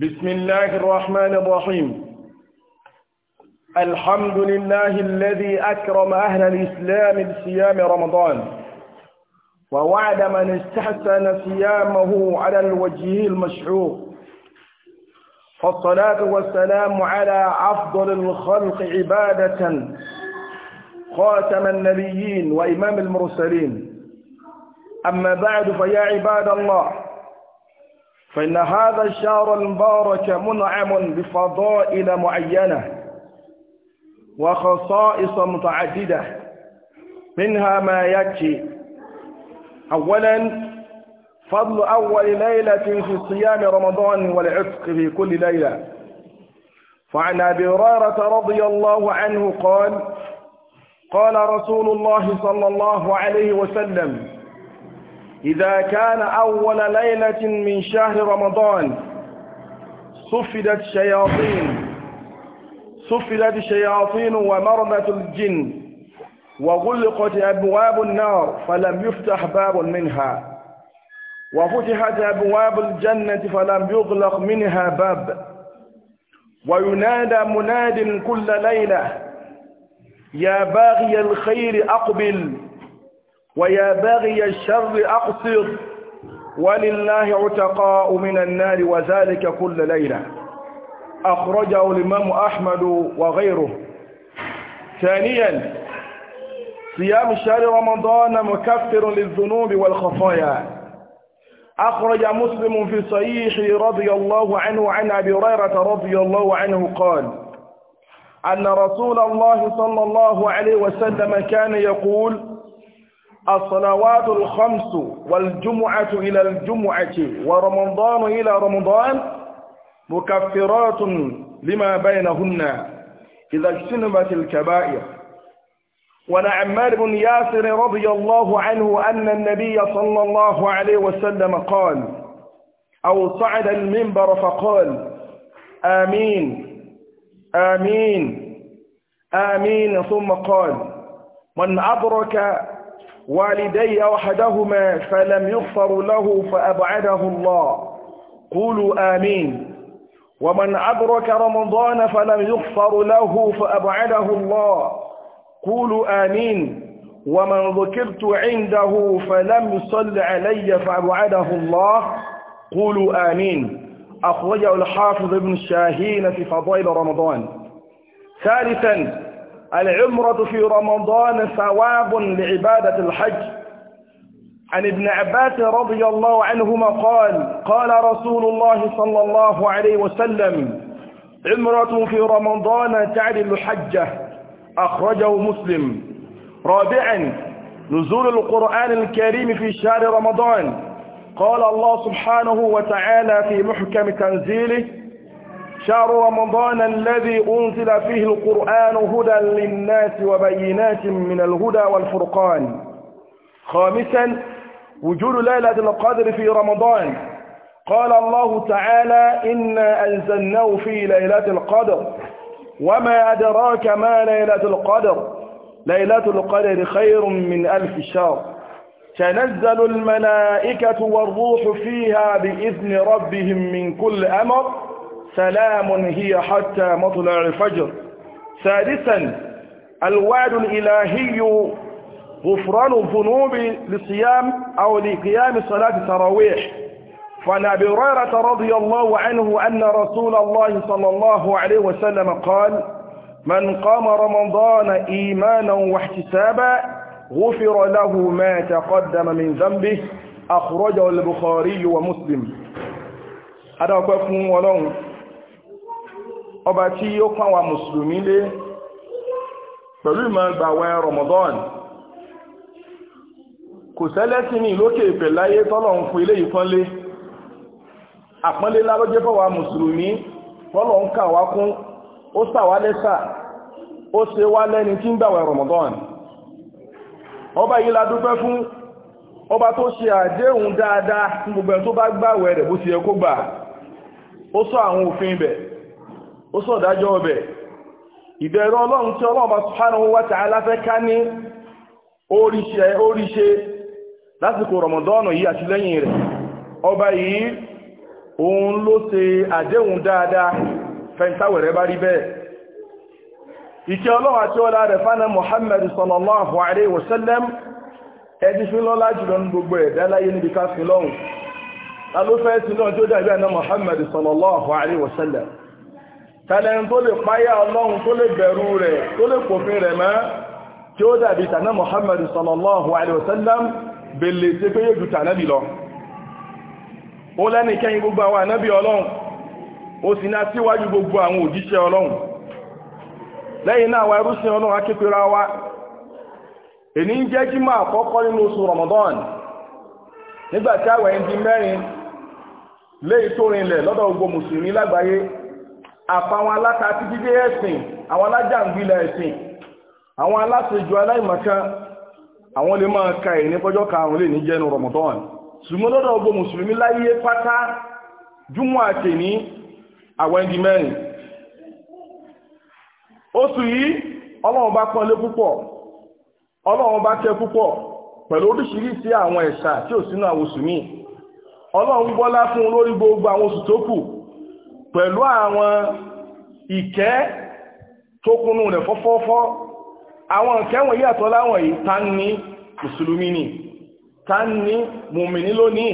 بسم الله الرحمن الرحيم الحمد لله الذي أكرم أهل الإسلام بصيام رمضان ووعد من استحسن صيامه على الوجه المشعور فالصلاة والسلام على أفضل الخلق عبادة خاتم النبيين وإمام المرسلين أما بعد فيا عباد الله فإن هذا الشهر المبارك منعم بفضائل معينة وخصائص متعددة منها ما يكفي أولا فضل أول ليلة في صيام رمضان والعتق في كل ليلة فعن أبي هريرة رضي الله عنه قال قال رسول الله صلى الله عليه وسلم إذا كان أول ليلة من شهر رمضان صفدت شياطين صفدت شياطين ومرضة الجن وغلقت أبواب النار فلم يفتح باب منها وفتحت أبواب الجنة فلم يغلق منها باب وينادى مناد كل ليلة يا باغي الخير أقبل ويا باغي الشر أقصر ولله عتقاء من النار وذلك كل ليلة أخرجه الإمام أحمد وغيره ثانيا صيام شهر رمضان مكفر للذنوب والخطايا أخرج مسلم في صحيح رضي الله عنه عن أبي هريرة رضي الله عنه قال أن رسول الله صلى الله عليه وسلم كان يقول الصلوات الخمس والجمعة إلى الجمعة ورمضان إلى رمضان مكفرات لما بينهن إذا اجتنبت الكبائر وعن عمار بن ياسر رضي الله عنه أن النبي صلى الله عليه وسلم قال أو صعد المنبر فقال آمين آمين آمين ثم قال من أدرك والدي أحدهما فلم يغفر له فأبعده الله قولوا آمين ومن أدرك رمضان فلم يغفر له فأبعده الله قولوا آمين ومن ذكرت عنده فلم يصل علي فأبعده الله قولوا آمين أخرجه الحافظ ابن شاهين في فضائل رمضان ثالثا العمرة في رمضان ثواب لعبادة الحج عن ابن عباس رضي الله عنهما قال قال رسول الله صلى الله عليه وسلم عمرة في رمضان تعني الحجة أخرجه مسلم رابعا نزول القرآن الكريم في شهر رمضان قال الله سبحانه وتعالى في محكم تنزيله شهر رمضان الذي أنزل فيه القرآن هدى للناس وبينات من الهدى والفرقان خامسا وجود ليلة القدر في رمضان قال الله تعالى إنا أنزلناه في ليلة القدر وما أدراك ما ليلة القدر ليلة القدر خير من ألف شهر تنزل الملائكة والروح فيها بإذن ربهم من كل أمر سلام هي حتى مطلع الفجر سادسا الوعد الإلهي غفران الذنوب لصيام أو لقيام صلاة التراويح فعن أبي هريرة رضي الله عنه أن رسول الله صلى الله عليه وسلم قال من قام رمضان إيمانا واحتسابا غفر له ما تقدم من ذنبه أخرجه البخاري ومسلم هذا هو فهم ولون ọba tí ó pọ́n wa mùsùlùmí lé pẹ̀lú ìmọ̀ gbàwẹ̀ Ramadan kò sẹ́lẹ́sìn ní lókè ìpẹ̀ láyé tọ́lọ̀ ń fún ilé ìpọ́nlé àpọ́nlé lálọ́jẹ́ fọ́wà mùsùlùmí tọ́lọ̀ ń kà wá kún ó sà wá lẹ́sà ó ṣe wá lẹ́ni tí ń gbàwẹ̀ Ramadan ọba yìí la dúpẹ́ fún ọba tó ṣe àdéhùn dáadáa fún gbogbo ẹni tó bá gbàwẹ̀ rẹ̀ bó ti yẹ kó gbà ó sọ àwọn òfin ibẹ̀ ó sọ̀dájọ́ ọbẹ̀ ìbẹ̀rù ọlọ́run tí ọlọ́run bá subhanahu wa ta'ala fẹ́ ká ní oríṣẹ́ lásìkò rọmọdọ́nù yìí àti lẹ́yìn rẹ̀ ọba yìí òun ló ṣe àdéhùn dáadáa fẹ́ntàwẹ̀rẹ́ bá rí bẹ́ẹ̀ ìkẹ́ ọlọ́run àti ọlá rẹ̀ fánà Muhammad sallallahu alaihi wasallam ẹni fi lọ́lá jùlọ ní gbogbo ẹ̀dá láyé níbi ká fi lọ́hùn ta ló fẹ́ sí tàlẹ́n tó lè páyà ọlọ́run tó lè bẹ̀rù rẹ̀ tó lè pòfin rẹ̀ mọ́ tí ó dàbí tàná Muhammad sallallahu alaihi wasallam bèèrè tí pé yóò jùta náàbì lọ ó lẹ́ni kẹ́yìn gbogbo àwọn ànábì ọlọ́run ó sì ná síwájú gbogbo àwọn òjíṣẹ́ ọlọ́run lẹ́yìn náà wa irúsìn ọlọ́run akékeré wa èní àfàwọn aláta àti dídé ẹ̀sìn àwọn alájàngbìlà ẹ̀sìn àwọn aláṣejù aláìmọ̀kan àwọn lè máa ka ẹ̀ nípọ́jọ́ karùn-ún lè ní jẹ́nu rọ̀mọ̀tọ́n ṣùgbọ́n lọ́dọ̀ ọgbọ́ mùsùlùmí láyé pátá júmọ́ àti ní àwọn ẹni mẹ́rin oṣù yìí ọlọ́run bá pọ́nlé púpọ̀ ọlọ́run bá tẹ́ púpọ̀ pẹ̀lú àwọn ìkẹ́ tó kúnnú rẹ̀ fọ́fọ́fọ́ àwọn ìkẹ́wọ̀n yàtọ̀ láwọn yìí ta ní mùsùlùmí ni ta ní mùmìnì lónìí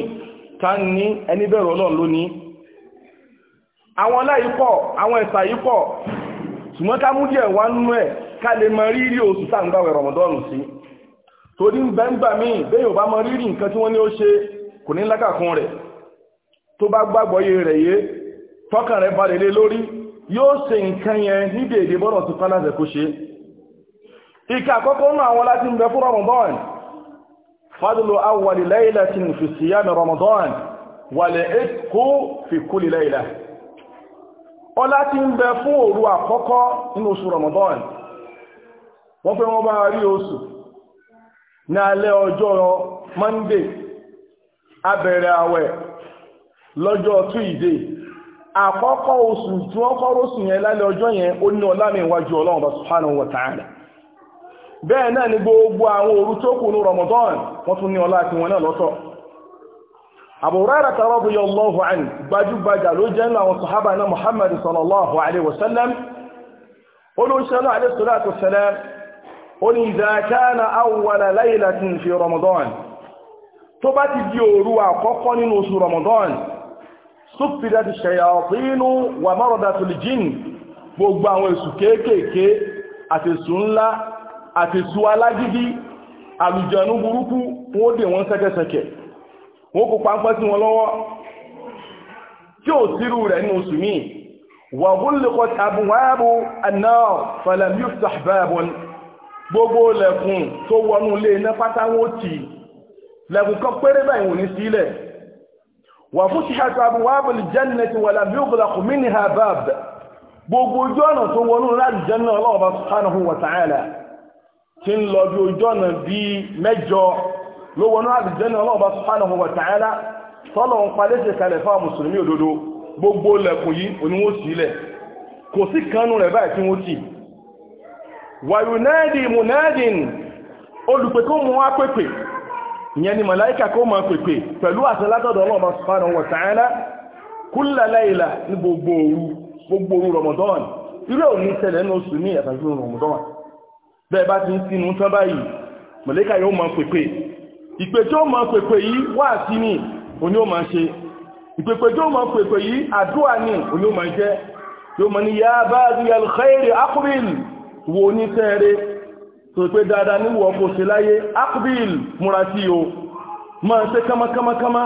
ta ní ẹni bẹ̀rù Ọlọ́run lónìí àwọn ọlá yìí pọ̀ àwọn ẹ̀sà yìí pọ̀ ṣùgbọ́n ká mú díẹ̀ wá nínú ẹ̀ ká lè mọ rírì oṣù sáǹgbàwẹ̀ rọ̀mọ̀dọ́nù sí torí bẹ́ńgbà míì bẹ́ẹ̀ yóò bá mọ rírì nǹkan tí wọ́n ní ó ṣe kò ní lákàkún rẹ̀ tó bá gbàgbọ́ yé rẹ̀ yé tọ́kàn rẹ̀ balẹ̀ lé lórí yóò ṣe nǹkan yẹn níbi èdè bọ́rọ̀ ti pálásẹ̀ kó ṣe ìka àkọ́kọ́ nù àwọn láti ń bẹ fún Ramadan fadlu awwali laylatin fi siyami Ramadan wàlẹ̀ èkó fi kulli layla ọlá ti ń bẹ fún òru àkọ́kọ́ nínú oṣù Ramadan wọ́n pẹ́ wọ́n bá rí oṣù ní alẹ́ ọjọ́ Monday abẹ̀rẹ̀ àwẹ̀ lọ́jọ́ Tuesday àkọ́kọ́ oṣù tí wọ́n kọ́rọ́ sùn yẹn lálẹ́ ọjọ́ yẹn ó ní ọlá mi wájú ọlọ́run subhanahu wa ta'ala bẹ́ẹ̀ náà ni gbogbo àwọn òru tó kù ní Ramadan wọ́n tún ní ọlá àti wọn náà lọ́tọ̀ Abu Hurairah radiyallahu anhu gbajúgbajà ló jẹ́ àwọn sahaba náà Muhammad sallallahu alaihi wasallam olóṣèlú alaihi salatu wassalam ó ní idha kana awwala laylatin fi Ramadan tó bá ti di òru àkọ́kọ́ nínú oṣù Ramadan sófìdá di ṣẹ̀yà ọ̀pínú wà márọ̀dá tó lè jíìn gbogbo àwọn èsù kéékèèké àti èsù ńlá àti èsù alágídí àlùjànú burúkú wọ́n dè wọ́n sẹ́kẹ́sẹ́kẹ́ wọ́n kó pápá sí wọn lọ́wọ́ tí ó sírù rẹ̀ ní oṣù míì wà gúnlẹ̀kọ́ abúwáàbù anáà fàlàmí ṣàbáàbùn gbogbo وفتحت أبواب الجنة ولم يغلق منها باب gbogbo ojú ọ̀nà tó wọnú láti jẹ́nà ọlọ́ọ̀bá subhanahu wa ta'ala tí ń lọ bí ojú ọ̀nà bí mẹ́jọ ló wọnú láti jẹ́nà ọlọ́ọ̀bá subhanahu wa ta'ala tọ́lọ̀ ń palẹ́sẹ̀ kalẹ̀ fáwọn mùsùlùmí òdodo gbogbo lẹ̀kùn yìí oníwó sílẹ̀ kò sí kanú rẹ̀ báyìí tí wọ́n ti wàyùnádì munádìn olùpẹ̀kọ́ mú wá pẹ̀pẹ̀ ìyẹn ni màláíkà kó máa pèpè pẹ̀lú àṣẹ látọ̀dọ̀ Ọlọ́run subhanahu wa ta'ala kulla layla ní gbogbo òru gbogbo òru Ramadan irú òní tẹ̀lẹ̀ ní oṣù ní ẹ̀fà ìṣúná Ramadan bẹ́ẹ̀ bá ti ń sinú tán báyìí màláíkà yóò máa pèpè ìpè tí ó máa pèpè yìí wà sí ni òní ó máa ṣe ìpèpè tí ó máa pèpè yìí àdúrà ni òní ó máa jẹ́ yóò máa ní yá bá tó pé dáadáa níwọ̀ ọkọ̀ ṣe láyé akbil múra sí o máa ṣe kámákámákámá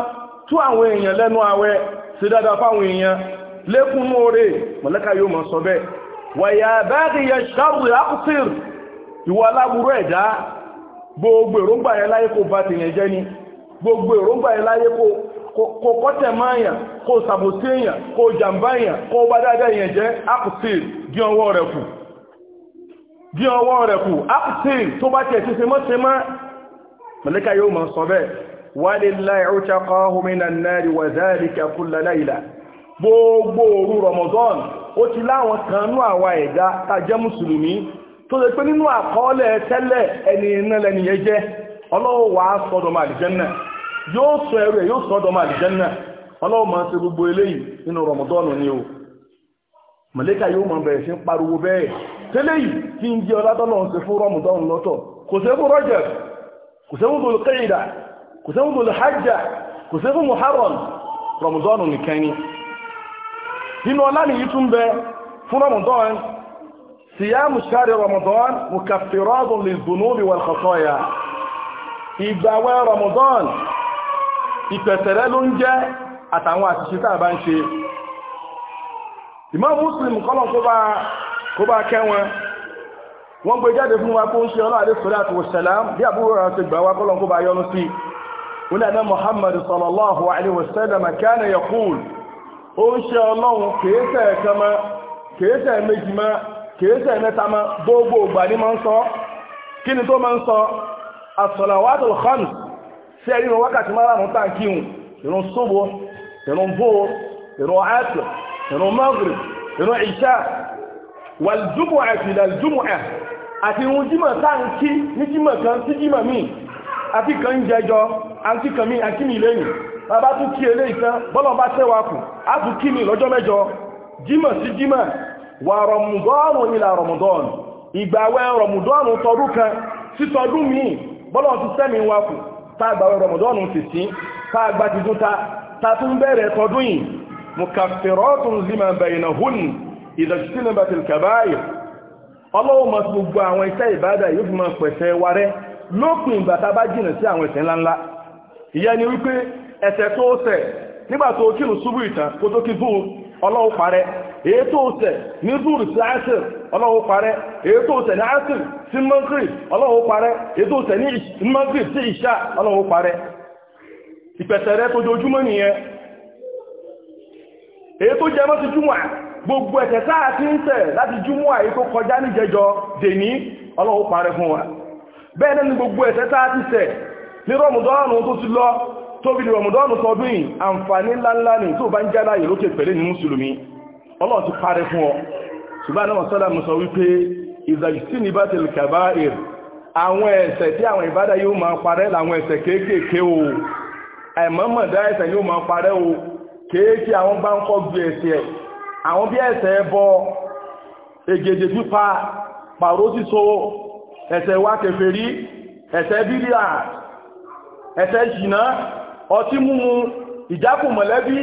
tú àwọn èèyàn lẹ́nu àwẹ̀ ṣe dáadáa fáwọn èèyàn lékún lóore mọ̀lẹ́ka yóò mọ̀ sọ bẹ́ẹ̀ wàyà bẹ́ẹ̀dì yẹ ṣàbùrì akùsìr ìwà aláburú ẹ̀dá gbogbo èròǹgbà yẹn láyé kó bá tèèyàn jẹ́ ni gbogbo èròǹgbà yẹn láyé kó kọ́tẹ̀ máa yàn kó sàbòsí bí ọwọ́ rẹ̀ kù ápùtìrì tó bá tẹ̀ tún se mọ́ se mọ́ mọ̀lẹ́ka yóò mọ̀ sọ bẹ́ẹ̀ walillahi utaqahu minan nari wa dhalika kulla layla gbogbo òru Ramadan ó ti láwọn kan nú àwa ẹ̀dá tàjẹ́ mùsùlùmí tó lè pé nínú àkọọ́lẹ̀ tẹ́lẹ̀ ẹni iná lẹni jẹ́ Ọlọ́hun wà á sọ́dọ̀mọ̀ àlìjẹ́nà yóò sọ mọ̀lẹ́kà yóò mọ̀ bẹ̀rẹ̀ sí ń pariwo bẹ́ẹ̀ tẹ́lẹ̀ yìí tí ń jẹ́ ọlátọ́lọ́ ń ṣe fún rọ́mùdán lọ́tọ̀ kò ṣe fún rọ́jẹ̀ kò ṣe fún tó kéèdà kò ṣe fún tó hajjá kò ṣe fún muharram rọ́mùdán nìkan ni nínú ọlá nìyí tún bẹ fún rọ́mùdán siyamu shari rọ́mùdán mukaffiratun lidhunubi wal khataya ìgbàwẹ̀ rọ́mùdán ìpẹ̀tẹ̀rẹ̀ ló ń jẹ́ àtàwọn àṣìṣe tá a bá ń ṣe Imam Muslim kọ́lọ̀ kó bá kẹ́ wọn wọ́n gbé jáde fún wa kó ń ṣe ọlọ́ àdé sọ́lá àti wàsálàm bí àbúrò rẹ̀ ti gbà wá kọ́lọ̀ kó bá yọnu sí wọn náà Muhammad sallallahu alaihi wasallam kana yaqul ó ń ṣe ọlọ́run kèésẹ̀ kan mọ́ kèésẹ̀ méjì mọ́ kèésẹ̀ mẹ́ta mọ́ gbogbo ìgbà ní máa ń sọ kí ni tó máa ń sọ as-salawatul khams sí ẹ̀rí wọn wákàtí márùn-ún tàǹkì ìrun sóbò ìrun bóò ìrun àtìlẹ̀ ìrun maghrib ìrun ìṣà wàljúmọ̀ àti ìdàljúmọ̀ àti ìrun jímọ̀ sáàkí ní jímọ̀ kan sí jímọ̀ míì àti kan jẹjọ àti kan mí àkíní lẹ́yìn bàbá tún kí elé ìtàn bọ́lọ̀ bá tẹ́wàá kù á tún kí mi lọ́jọ́ mẹ́jọ jímọ̀ sí jímọ̀ wà rọ̀mùdọ́ọ̀nù ìlà rọ̀mùdọ́ọ̀nù ìgbàwẹ̀ rọ̀mùdọ́ọ̀nù tọdún kan sí tọdún míì bọ́lọ̀ ti sẹ́mi wa kù tá mukaffiratun lima baynahun idha ijtanibatil kaba'ir ọlọ́wọ́ mọ̀ gbogbo àwọn iṣẹ́ ìbádà yóò fi mọ̀ pẹ̀sẹ̀ wa rẹ́ lópin ìgbà a bá jìnà sí àwọn ẹ̀ṣẹ̀ ńláńlá ìyẹn ni wípé ẹ̀ṣẹ̀ tó ṣẹ̀ nígbà tó kírun ṣubú ìtàn kó tó kí ọlọ́wọ́ parẹ́ èyí tó ní sí ọlọ́wọ́ parẹ́ èyí tó ní sí mọ́gírì ọlọ́wọ́ parẹ́ èyí tó ní mọ́gírì sí ìṣà ọlọ́wọ́ parẹ́ ìpẹ̀sẹ̀ rẹ nìyẹn èyí tó jẹmọ́ ti júmọ̀ gbogbo ẹ̀tẹ̀ sáà tí ń tẹ̀ láti júmọ̀ àyí tó kọjá ní jẹjọ dèní ọlọ́wọ́ parẹ́ fún wa bẹ́ẹ̀ náà ni gbogbo ẹ̀tẹ̀ sáà ti tẹ̀ ní rọmùdọ́nù tó ti lọ tóbi ní rọmùdọ́nù sọdún yìí àǹfààní ńláńlá ni tó bá ń jẹ́ láyè lókè pẹ̀lú ní mùsùlùmí ọlọ́wọ́ ti parẹ́ fún ọ ṣùgbọ́n náà sọ́dà mú sọ wípé ìzàjìsí ní bátẹ̀lì kàbá èrè àwọn ẹ̀ṣẹ̀ tí àwọn ìbádá yóò máa parẹ́ làwọn ẹ̀ṣẹ̀ kéékèèké o kéèkì àwọn bá ń kọ́ ju ẹ̀sẹ̀ àwọn bí ẹ̀sẹ̀ ẹbọ ègèdè pípa pàró síso ẹ̀sẹ̀ wá kèfèrí ẹ̀sẹ̀ bíríà ẹ̀sẹ̀ jìnà ọtí múmu ìjákù mọ̀lẹ́bí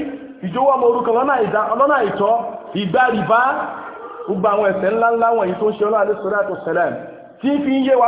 ìjówọ́ ọmọ orúkọ lọ́nà ìtọ́ ìgbàrìbá gbogbo àwọn ẹ̀sẹ̀ ńláńlá wọ̀nyí tó ń ṣe ọlọ́run alẹ́sọ̀rọ̀ àtọ̀sẹ̀lẹ̀ tí ń fi ń yé wa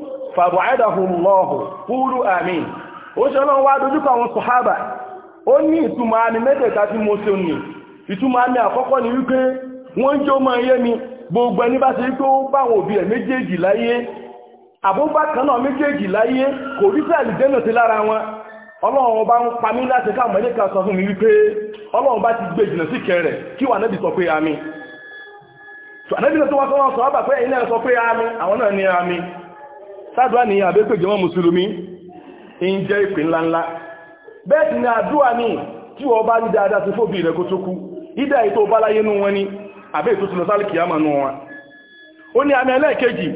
fàbọ̀ẹ́dàhùnmọ́ọ̀hù kúrú àmì ó ṣe ọlọ́run wá dojúkọ àwọn sọ̀hábà ó ní ìtumọ̀ àmì mẹ́tẹ̀ẹ̀ta tí mo ṣe ní ìtumọ̀ àmì àkọ́kọ́ ni wípé wọ́n jẹ́ ọmọ ẹyẹ mi gbogbo ẹni bá ṣe wípé ó báwọn òbí ẹ̀ méjèèjì láyé àbúbákan náà méjèèjì láyé kò rí sẹ́ẹ̀lì dẹ́nà sí lára wọn ọlọ́run bá ń pa mí láti káwọn mẹ́lẹ́kà sọ fún mi wípé ọlọ́run bá ti gbé ìjìnà sí kẹrẹ̀ kí wà nẹ́bì sọ pé àmì ànẹ́bì náà tó wá sọ́wọ́n sọ sádùá nìyàn àbẹ́pẹ̀jẹ́ wọn mùsùlùmí ń jẹ́ ìpín ńláńlá bẹ́ẹ̀ ni àdúwà ní tí wọ́n bá rí dáadáa sí fóbi rẹ̀ kó tó kú ìdá tó bá láyé nú wọn ni àbẹ́ ètò tìlọ sálì kìyàmà nú wọn ó ní àmì ẹlẹ́ẹ̀kejì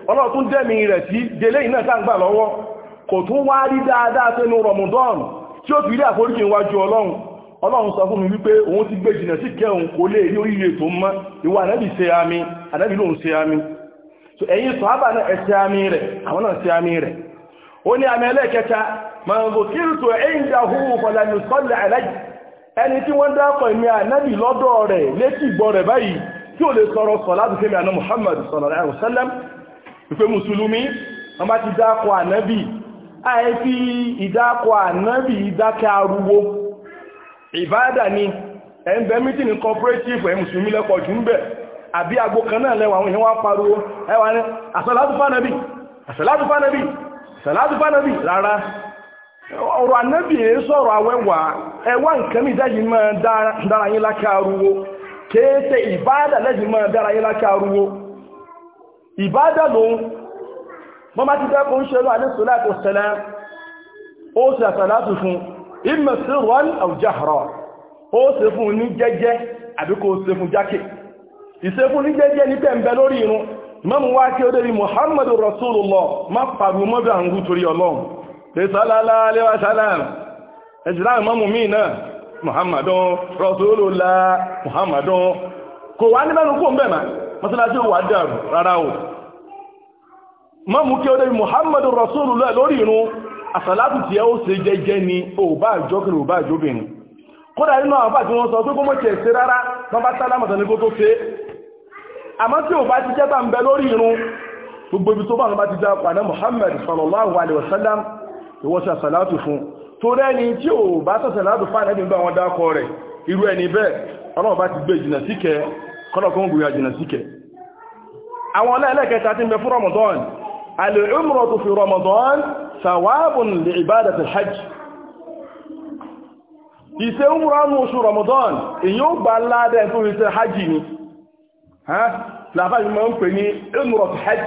mọ̀nà ọlọ́tún rẹ̀ sí ń gbà lọ́wọ́ kò tún tí ó fi rí àforíjì níwájú ọlọ́run ọlọ́run sọ fún mi wípé òun ti gbé jìnà sí kẹun kò lè ní oríire tó mọ́ ìwọ ànábì ṣe àmì ànábì lòun ṣe àmì so ẹ̀yin sọ̀hábà náà ẹ ṣe àmì rẹ̀ àwọn náà ṣe àmì rẹ̀ ó ní àmì ẹlẹ́ẹ̀kẹta màǹgò kírìtò ẹ̀yìn dàhù fọlànì sọ́lẹ̀ àlájì ẹni tí wọ́n dápọ̀ ìmì ànábì lọ́dọ̀ rẹ̀ létí ìgbọ́ rẹ̀ báyìí tí ò lè sọ̀rọ̀ sọ̀ láti fẹ́mi àná Muhammad sallallahu alaihi wasallam ìpé mùsùlùmí wọ́n bá ti dápọ̀ ànábì àìfi ìdákọ̀ ànábì ìdákẹ́ arúgbó ìbáadà ni ẹ̀ǹbẹ̀ mítìnì cooperative ẹ̀ mùsùlùmí lẹ́pọ̀ jù ń bẹ̀ àbí agbó kan náà lẹ́wà àwọn èèyàn wá ẹwà ní àsàlátù fánàbì àsàlátù rárá ọ̀rọ̀ ànábì èé sọ̀rọ̀ mọ́ bá ti dákò ń ṣẹlú alẹ́sọ́láàtò sẹ́lẹ̀ ó sì àsàlátù fún ìmọ̀ sí wọn àwùjáhàrọ̀ ó sì fún ní jẹ́jẹ́ àbí kò sì fún jákè ìsẹ́fún ní jẹ́jẹ́ ní pẹ̀mbẹ̀ lórí irun mọ́mù wá kí ó dé rí muhammadu rasulullah má pàrù mọ́bí àǹgú torí ọlọ́run pé sálálá aléwà sálám ẹ̀sìlá mọ́mù míì náà muhammadu rasulullah muhammadu ma mú kí ó débi muhammadu rasulullah lórí o àsàlátù tí ẹ ó ṣe jẹ́jẹ́ ni ó bá àjọkìrì ó bá àjọbìnrin kódà nínú àwọn àti wọn sọ pé kó mọ́kẹ̀ ṣe rárá tán bá sálámàtà ní kó tó ṣe àmọ́ tí ò ti jẹ́ ń bẹ lórí gbogbo ibi tó bá ti pàdé sallallahu alaihi wasallam ìwọ́sí fún tó tí fún العمرة في رمضان ثواب لعبادة الحج ìṣe umra ní oṣù Ramadan èyí ó gba ládẹ́ tó rí ṣe hajji ni láfáàjú ma ń pè ní umratu hajj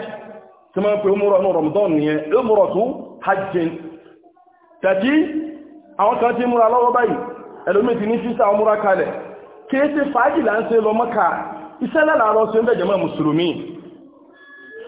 tí ma ń pè umra ní Ramadan nìyẹn umratu hajjin tàbí àwọn kan tí múra lọ́wọ́ báyìí ẹlòmí ti ní fíta múra kalẹ̀ kéèsì fàájì là ń ṣe lọ Mọ́kà iṣẹ́ lẹ́làrọ̀ sí ń bẹ̀jẹ̀ mọ́ mùsùlùmí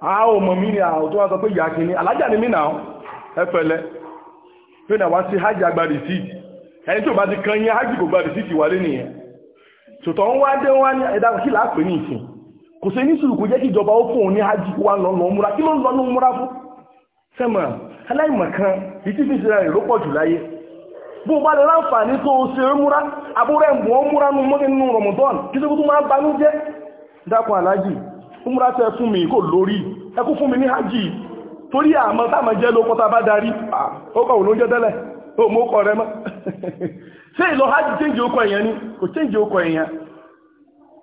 a ò mọ̀ mí ni àwọn tó wá sọ pé ìyá kìíní alájà ni mí náà ẹfẹ̀lẹ́ pé náà wá sí hajj àgbà rìsíìtì ẹni tó bá ti kan yín hajj ko gba rìsíìtì wálé nìyẹn tòtọ́ ń wá dé wá ní ẹ̀dá kí láàpẹ̀ ní ìsìn kò sí ní sùúrù kò jẹ́ kí ìjọba ó fún ní hajj wá lọ múra kí ló ń múra fún sẹ́mọ̀ fi ṣe rẹ̀ jù láyé bó bá lè láǹfààní tó ṣe múra múra nínú umra tẹ fún mi kò lórí ẹ kú fún mi ní hajji torí àmọ́ táàmà jẹ́ ló kọta bá darí ọkọ̀ òun ló jẹ́ tẹ́lẹ̀ ó mọ́ ọkọ̀ rẹ mọ́ ṣe ìlọ hajji change ọkọ̀ èèyàn ni kò change ọkọ̀ èèyàn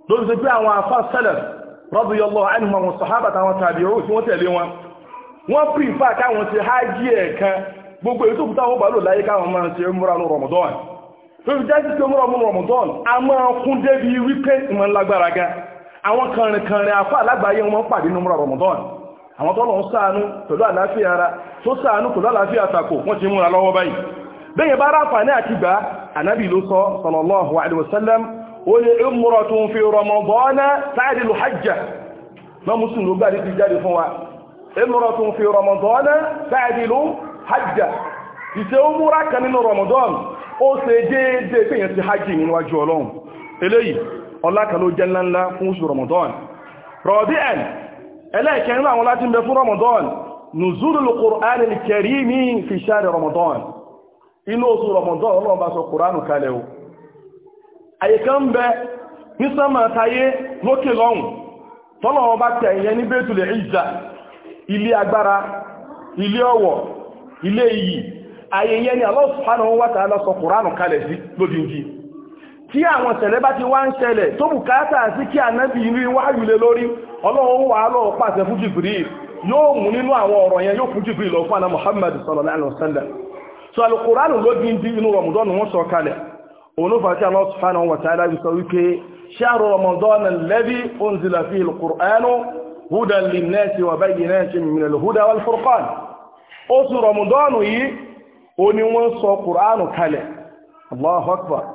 ló ti pé àwọn afá sẹ́lẹ̀ radiyallahu anhum àwọn sàhábà táwọn tàbí oró tí wọ́n tẹ̀lé wọn wọ́n prefer káwọn ti hajji ẹ̀kan gbogbo èyí tó kúta wọn bá lò láyé káwọn máa ṣe múra ní Ramadan tó fi jẹ́ sí pé múra ní Ramadan a máa kún débi wípé ìmọ̀ lágbára gan àwọn kànrìnkànrìn afá alágbàáyé wọn pàdé nínú Ramadan àwọn tó lọ ń ṣàánú pẹ̀lú àlàáfíà ara tó ṣàánú pẹ̀lú àlàáfíà takò wọ́n ti múra lọ́wọ́ báyìí bẹ́yẹ̀ bá ráfàní àti gbà anábì ló sọ sallallahu alaihi wasallam ó ní umratun fi Ramadan ta'dilu hajja ma muslim ló gbà nítorí jáde fún wa umratun fi Ramadan ta'dilu kan nínú Ramadan ó ṣe déédéé pèyàn ti hajji níwájú ọlọ́run eléyìí ọlá kan ló jẹ́ ńláńlá fún oṣù Ramadan rọ̀dí ẹ̀n ẹlẹ́ẹ̀kẹrin àwọn láti ń bẹ fún Ramadan nùzúrùlù Qur'anil Karimi fi shahri Ramadan inú oṣù Ramadan Ọlọ́run bá sọ Qur'anu kalẹ̀ o àyíká ń bẹ ní sánmà tayé lókè lọ́hùn tọ́lọ́wọ́n bá tẹ̀ ìyẹn ní Baitul Izza ilé agbára ayẹyẹ ni Allah subhanahu wa ta'ala sọ Qur'anu kalẹ̀ sí lódìndín tí àwọn ṣẹlẹ̀ bá ti wá ń ṣẹlẹ̀ tó bùkátà sí kí ànábì inú wáyù lé lórí ọlọ́run wà lọ pàṣẹ fún Jibril yóò mú nínú àwọn ọ̀rọ̀ yẹn yóò fún Jibril lọ fún àná Muhammad sallallahu alaihi wasallam so alukóránù ló dín dín inú rọmọdọ́nù wọn sọ kalẹ̀ òun ló fàtí Allah subhanahu wa ta'ala sọ wípé ṣáàrù rọmọdọ́nù alladhi unzila fihi Allahu akbar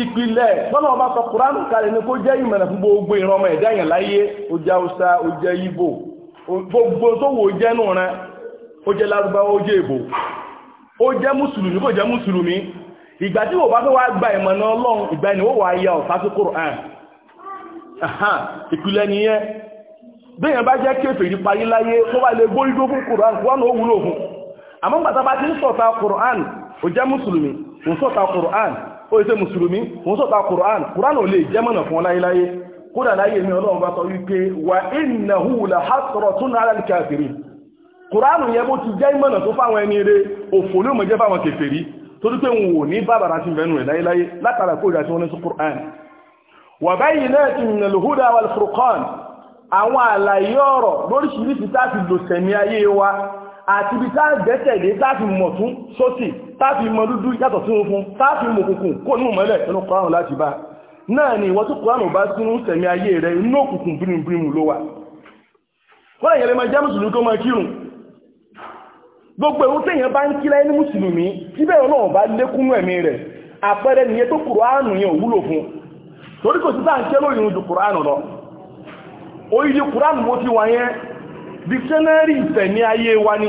ìpìlẹ̀ tọ́lá ọba sọ kuranu kalẹ̀ ni kó jẹ́ ìmọ̀nà fún gbogbo ìran ọmọ ẹ̀dá yẹn láyé ó jẹ́ haúsá ó jẹ́ ibo gbogbo tó wò jẹ́ nù rẹ ó jẹ́ lárúbáwá ó jẹ́ ìbò ó jẹ́ mùsùlùmí kò jẹ́ mùsùlùmí ìgbà tí wò bá fẹ́ wá gba ìmọ̀nà ọlọ́run ìgbà ni ó wà ya ìpìlẹ̀ nìyẹn ó ṣe mùsùlùmí wọ́n sọ́ta kùrán kùrán ò lè jẹ́mọ̀nà fún láyéláyé kódà láyé mi ọlọ́run bá sọ wípé wà innahu la hasratun ala al-kafirin kùrán yẹn bó ti jẹ́ ìmọ̀nà tó fáwọn ẹni rẹ̀ òfò ní òmọ̀jẹ́ fáwọn kèfèrí torí pé wọn ò ní bàbàrà ti mẹ́nu ẹ̀ láyéláyé látara kódà tí wọ́n ní sí kùrán wà bayyinatin min al-huda wal-furqan àwọn àlàyé ọ̀rọ̀ lóríṣiríṣi táàfi lò sẹ̀mí ayé wa àti ibi táàgbẹ́tẹ̀lé táàfi mọ̀tún sósì táàfi mọ dúdú yàtọ̀ sí wọn fún táàfi mọ òkùnkùn kó ní mọ̀lẹ̀ inú kọ́ránù láti bá náà ni ìwọ́n tó kọ́ránù bá sínú sẹ̀mí ayé rẹ̀ inú òkùnkùn bírimbirim ló wà wọ́n lè yẹlẹ́ máa jẹ́ mùsùlùmí tó máa kírun gbogbo ẹ̀rú téèyàn bá ń kí láyé ní mùsùlùmí tí bẹ́ẹ̀ náà bá lékún ẹ̀mí rẹ̀ àpẹẹrẹ nìyẹn tó kùránù yẹn òwúlò fún torí kò sí sáà ń kẹ́ lórí ìrìn ju kùránù lọ oyin kùránù mo ti wà yẹn dictionary ìfẹ̀ ní ayé wa ni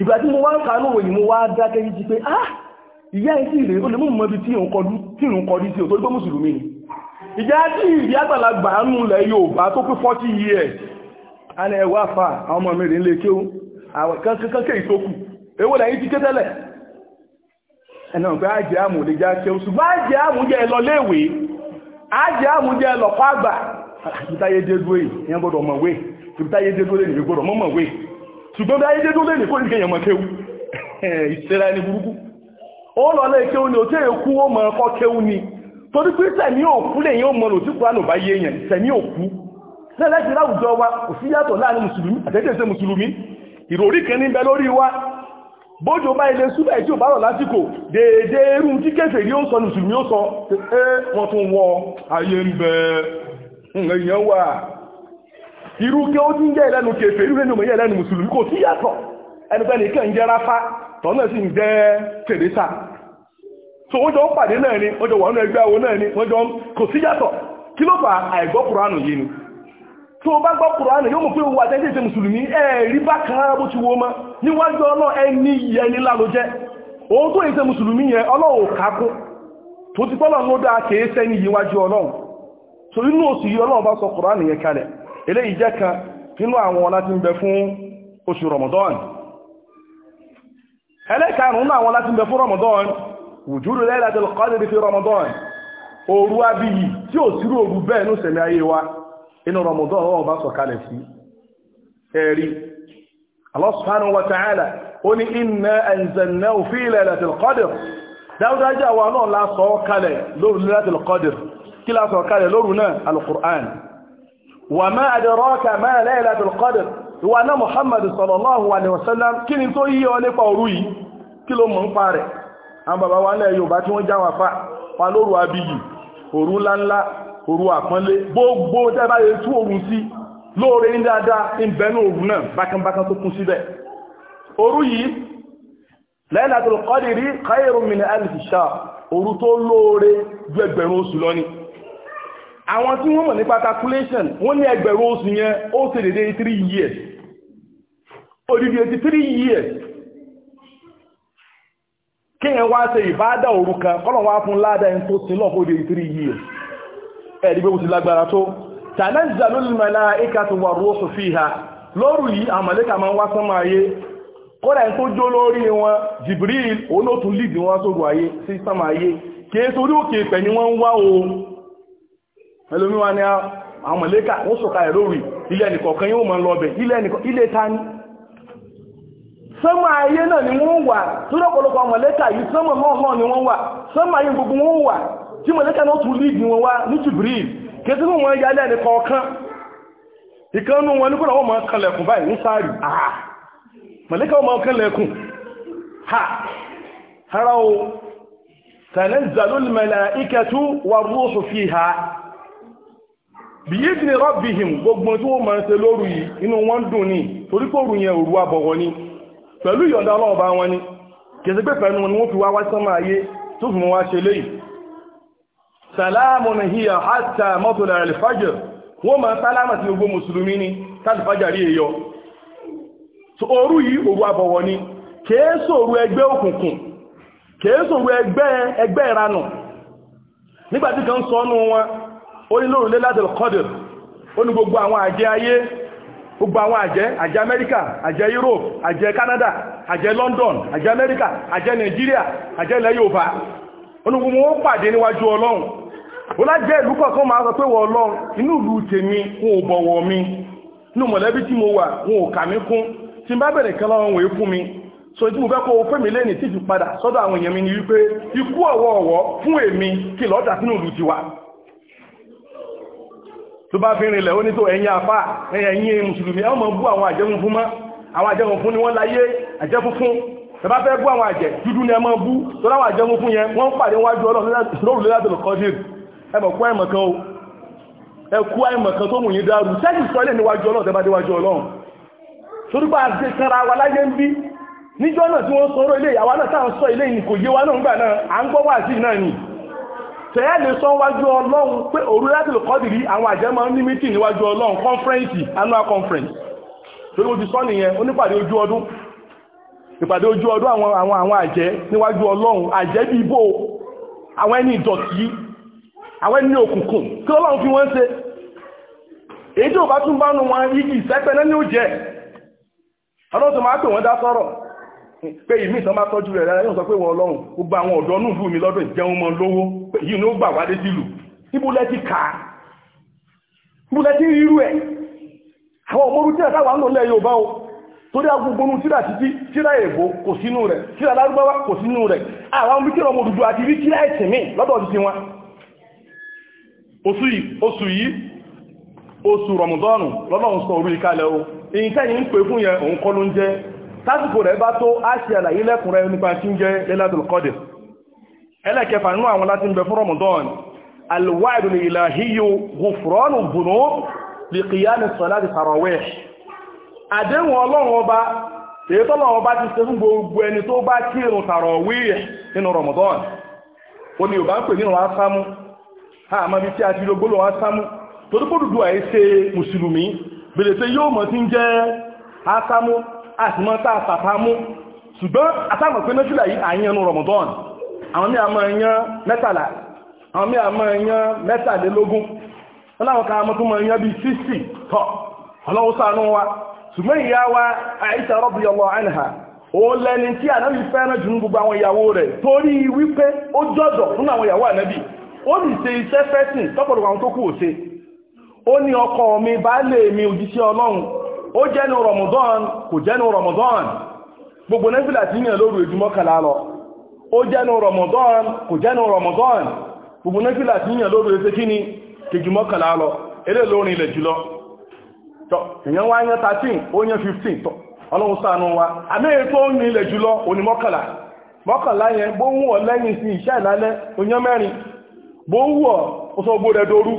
ìgbà tí mo wá ń kàánú òyìn mo wá dákẹ́ yìí ti pé ah ìyá ìsì rèé ó lè mú mọ́bí tí òun kọjú tí òun kọjú sí òtó gbé mùsùlùmí ni ìjà tí ìdí àgbàlagbà ń lẹ Yorùbá tó pé forty years alẹ́ ẹ̀wọ́ àfà àwọn ọmọ mi rè ń lè kéwú àwọn kankan kéyìí tó kù èwo lẹ́yìn ti ké tẹ́lẹ̀ ẹ̀nà ọ̀gbẹ́ àjẹ́ àmù lè já kéwú ṣùgbọ́n àjẹ́ àmù jẹ́ ẹ lọ léèwé àjẹ́ àmù jẹ́ ẹ lọ́kọ́ àgbà ìtayé dédúró yìí ìyẹn gbọ́dọ̀ mọ̀wé ìtayé dédúró yìí gbọ́dọ̀ mọ̀wé ṣùgbọ́n bí ayédé tó lè ní kó ní kẹyàn mọ̀ ìṣẹ́ra ẹni burúkú ó lọ lẹ́ kéwú ni òtẹ́ èkú ó mọ̀ ọkọ̀ kéwú ni torí pé tẹ̀mí òkú lè yín ó mọ̀ lòtí kúránù bá yé èèyàn tẹ̀mí òkú lẹ́lẹ́sì láwùjọ wa kò wa bójú bá ilé súbẹ̀ tí ò bá rọ̀ lásìkò dèédé irú tí kẹfẹ̀ rí ó sọ mùsùlùmí ó sọ wà Iru kí ó ti ń jẹ́ ìlẹ́nu kèfèrí ìlú ya mọ̀yẹ́ ìlẹ́nu musulmi kò sí yàtọ̀ ẹnubẹ́ni kẹ́ ń jẹ́ ráfá tọ́nà ń jẹ́ tèrésà ó jọ ń pàdé náà ni ó jọ wà ẹgbẹ́ àwọn náà ni wọ́n jọ kò sí yàtọ̀ kí ló fà yìí ni tó o bá gbọ́ yóò mọ̀ pé òun àtẹ́jẹ́ ìṣe mùsùlùmí ma eléyìí jẹ́ kan nínú àwọn ọlá tí ń bẹ fún oṣù Ramadan ẹlẹ́karùn-ún náà àwọn ọlá tí ń bẹ fún Ramadan wùjúrù Laylatul Qadr fi Ramadan òru abiyì tí ò sírú òru bẹ́ẹ̀ ní sẹ̀mí ayé wa inú Ramadan wọ́n bá sọ̀kalẹ̀ sí ẹ̀rí Allah subhanahu wa ta'ala ó ní inna anzalnahu fi Laylatul Qadr dáúdájá wa náà lásọ̀ọ́ kalẹ̀ lóru kí lásọ̀ọ́ kalẹ̀ náà al wà má àdẹ̀rọ́kà má Laylatul Qadr wà náà Muhammad sallallahu alaihi wasallam kí ni tó yí ọ nípa òru yìí kí ló mọ̀ ń pa rẹ̀ àwọn bàbá wa náà yóò bá tí wọ́n já wà fà wà lóru abiyì òru ńláńlá òru àpọ́nlé gbogbo tẹ́ bá yẹ tú òru sí lóore ní dáadáa ń bẹnu òru náà bákanbákan tó kún síbẹ̀ òru yìí Laylatul Qadri khayrun min alfi shahr àwọn tí wọ́n mọ̀ nípa calculation wọ́n ní ẹgbẹ̀rún oṣù yẹn ó ṣe dédé 3 years odidi 83 years kí yẹn wá ṣe ìbádà òru kan kọ́lọ̀ wá fún ládá ẹni tó sin lọ́pọ̀ odidi 3 years ẹ̀rí pé kò ti lágbára tó tànájà ló lùmọ̀ náà ìka tó wà rú oṣù fi ha lóru yìí àmàlẹ́kà máa ń wá sánmà ayé kọ́lá ẹni tó jó lórí wọn Jibril òun ló tún lídì wọn sóru ayé sí sánmà ayé kìí torí òkè ìpẹ̀ ni wọ́n ń wá o ẹlòmí wa ni àwọn mọ̀lẹ́kà wọ́n sọ̀ka ẹ̀rọ rí ilé ẹnìkọ̀ọ̀kan yóò mọ̀ lọ́bẹ̀ ilé tání sánmà ayé náà ni wọ́n wà tó lọ́pọ̀lọpọ̀ àwọn mọ̀lẹ́kà yìí sánmà náà ni wọ́n wà sánmà ayé gbogbo wọ́n wà tí mọ̀lẹ́kà náà tún líìdì wọn wá ní Jibril kẹsí fún wọn yálẹ̀ ẹnìkọ̀ọ̀kan ìkanú wọn ní kọ́nà wọ́n mọ̀ kanlẹ̀kùn báyìí bìyí ìdìní rọ́bìhìm gbogbo tí wọ́n máa ń ṣe lóru yìí inú wọn dùn ní torí kò rù yẹn òru àbọ̀wọ̀ ni pẹ̀lú ìyọ̀ǹda ọlọ́run bá wọn ni kìí ṣe pé pẹ̀lú wọn ni wọ́n fi wá wá sánmà ayé tó fi mọ́ wá ṣe léyìí salamun hiya hatta mọ́tòlá alifajr wọ́n máa sálámà sí gbogbo mùsùlùmí ni tálifájà rí èyọ so òru yìí òru àbọ̀wọ̀ ni kìí sòru ẹgbẹ́ òkùnkùn kìí sòru ẹgbẹ́ ẹgbẹ́ ìranù nígbàtí kan ó ní lóòrùn léládìl kọ́dìr ó ní gbogbo àwọn àjẹ́ ayé gbogbo àwọn àjẹ́ àjẹ́ amẹ́ríkà àjẹ́ europe àjẹ́ canada àjẹ́ london àjẹ́ amẹ́ríkà àjẹ́ nigeria àjẹ́ ilẹ̀ yorùbá ó ní gbogbo wọn pàdé níwájú ọlọ́run ó lájẹ́ ìlú kọ̀ọ̀kan máa sọ mi inú mọ̀lẹ́bí tí mo wà wọn ò kà mí kún tí n bá bẹ̀rẹ̀ so tí mo fẹ́ kó o fẹ́ mi lẹ́ni tí fi padà sọ́dọ̀ àwọn èèyàn mi ni wípé ikú ọ̀wọ̀ ọ̀wọ̀ fún èmi kí lọ́dà sínú ìlú tó bá fi rìnlẹ̀ ó ní tó ẹ̀yìn àfá ẹ̀yìn mùsùlùmí ẹ mọ̀ bú àwọn àjẹun fún mọ́ àwọn àjẹun fún ni wọ́n láyé àjẹ́ fúnfún tẹbá fẹ́ bú àwọn àjẹ́ dúdú ni ẹ mọ̀ bú tó láwọn àjẹun fún yẹn wọ́n pàdé wájú ọlọ́run níjọ́ náà tí wọ́n sọ orí ilé ìyàwó náà tàà ń sọ ilé ìnìkò yíwá náà ń gbà náà à ń gbọ́ wà sí náà ni tẹ́ẹ̀lì sọ wájú ọlọ́run pé òru láti lè kọ́ dìrí àwọn àjẹmọ́ ní mítì níwájú ọlọ́run kọ́nfẹ́rẹ́ǹsì annual conference torí mo ti sọ nìyẹn onipade ojú ọdún ìpàdé ojú ọdún àwọn àwọn àwọn àjẹ́ níwájú ọlọ́run àjẹ́ bí ibò àwọn ẹni ìdọ̀tí àwọn ẹni òkùnkùn kí ọlọ́run fi wọ́n ṣe èyí tí ò bá tún bá nu wọn igi ìsẹ́pẹ́ ó jẹ́ ọlọ́run pé ìmí ìtàn bá tọ́jú rẹ̀ rárá yóò sọ pé wọ́n ọlọ́run gbogbo àwọn ọ̀dọ́ nù fún mi lọ́dọ̀ ìjẹun mọ́ lówó pé yìí ni ó gbà wádé sílù ibo lẹ ti kà á ibo lẹ ti rírú ẹ̀ àwọn ọmọ orúkẹ́ àtàwà ń lò lẹ́ yóò bá o torí agbogbo tíra títí tíra èbó kò sínú rẹ̀ tíra lárúbáwá kò sínú rẹ̀ àwọn ọmọ tíra ọmọ òdùdú àti rí tíra ẹ̀sìn mi lọ́dọ̀ títí wọn oṣù yìí oṣù rọ̀mùdọ́nù lọ́lọ́run sọ orí ìkalẹ̀ o èyí tẹ́yìn ń pè fún yẹn òun kọ́ ló ń jẹ́ tásìkò rẹ̀ bá tó á ṣe àlàyé lẹ́kùnrẹ́ nípa tí ń jẹ́ Lailatul Qadr ẹlẹ́kẹfà nínú àwọn láti ń bẹ fún Ramadan alwa'd al-ilahi ghufran adh-dhunub li qiyam as-salat tarawih àdéhùn Ọlọ́run ọba èyí tọ́lọ́run ọba ti ṣe fún gbogbo ẹni tó bá kírun tarawih nínú Ramadan nínú asámú àtìmọ́ tá a sàpamú ṣùgbọ́n àtàmọ̀ pé méjìlá yìí àyẹnu Ramadan àwọn mí àmọ́ ẹ̀yán mẹ́tàlá àwọn mí àmọ́ ẹ̀yán mẹ́tàlélógún wọ́n láwọn ká mọ́ tó mọ́ ẹ̀yán bí 60 tọ́ ọlọ́wọ́sánú wa ṣùgbọ́n ìyá wa Àìṣà radiyallahu anha ó lẹ́ni tí ànábì fẹ́ràn jù gbogbo àwọn ìyàwó rẹ̀ torí wípé ó jọ́dọ̀ fún àwọn ìyàwó ànábì ó sì ṣe iṣẹ́ fẹ́sìn tọ́pọ̀lọpọ̀ àwọn tó kù ò ṣe ó ní ọkọ mi baálé ó jẹ́nu Ramadan kò jẹ́nu Ramadan gbogbo nẹ́fìlà tí yàn lóru ojú mọ́kànlá lọ ó jẹ́nu Ramadan kò jẹ́nu Ramadan gbogbo nẹ́fìlà tí yàn lóru ojú kíni kejì mọ́kànlá lọ eré lórin ilẹ̀ jùlọ tọ́ èyàn 13 15 ọlọ́run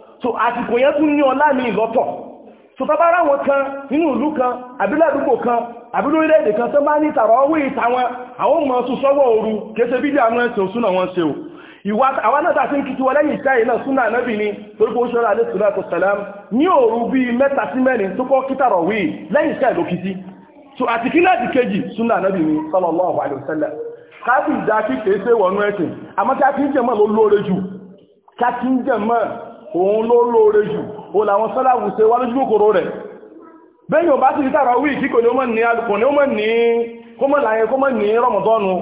so àsìkò yẹn tún ní ọlá mi lọ́tọ̀ so tọ́ bá ráwọn kan nínú ìlú kan àbílẹ̀dúgbò kan àbílórílẹ̀-èdè kan tó bá ní tààrọ̀ ọwọ́ ìtàwọn àwọn ọmọ sùn sọ́wọ́ ooru kése bídí àwọn ẹ̀sìn òsúnà o ìwà àwọn náà tàbí kìtì wọ lẹ́yìn ìṣẹ́ ìlà súnà ànábì ni torí kó ṣọ́rọ̀ alẹ́ sùnà kò sàlám ní òru bíi mẹ́ta sí mẹ́rin tó kọ́ kítàrọ̀ wí lẹ́yìn ìṣẹ́ ìlò kìtì so àti kí láti kejì súnà ànábì ni sallallahu alaihi wasallam káàkiri ìdá kí kèé ṣe wọnú ẹ̀sìn àmọ́ kí a ti ń jẹ mọ́ ló jù kí a ti ń jẹ mọ́ òun ló lóore jù ó làwọn sálàwù ṣe wá lójú kòkòrò rẹ̀ bẹ́yìn ọba ti tààrà wí kíkò ní ó mọ̀ ní alùpùpù ní ó mọ̀ ní kọmọ̀ láyé kọmọ̀ ní rọmọdọ́nu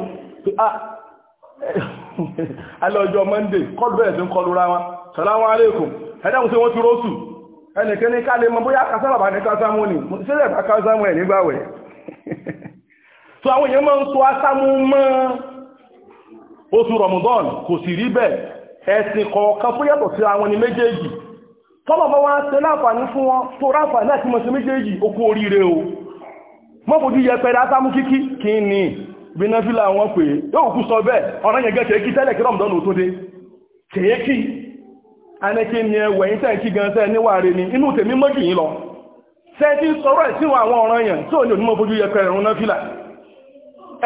alọ́jọ́ monday kọlu bẹ̀rẹ̀ sí ń kọlu ra wọn salamu alaikum ẹ̀dàkùn sí wọ́n ti rósù ẹnìkan ní kálẹ̀ mọ́ bóyá kásáàbà ní kásáàmù ni sílẹ̀ bá kásáàmù ẹ̀ nígbàwẹ̀ tó àwọn èèyàn máa ń sọ ásámú ẹ̀sìn kọ̀ọ̀kan fún yàtọ̀ sí àwọn ní méjèèjì tọ́lọ̀ bá wá ṣe láǹfààní fún wọn tó ráǹfààní àti mọ̀sí méjèèjì okú oríire o mọ́bùdú yẹpẹrẹ ásámú kíkí kí ni bínáfílà wọn pè yóò kú sọ bẹ́ẹ̀ ọ̀rọ̀ yẹn gẹ́gẹ́ kí ni ẹwẹ̀yìn tẹ́ ni inú tèmi mọ́jù yìí lọ sẹ́ẹ̀tì sọ̀rọ̀ ẹ̀ síwọ̀ àwọn ọ̀rọ̀ yẹn tí ò ní onímọ̀ fojú yẹpẹrẹ rún náfílà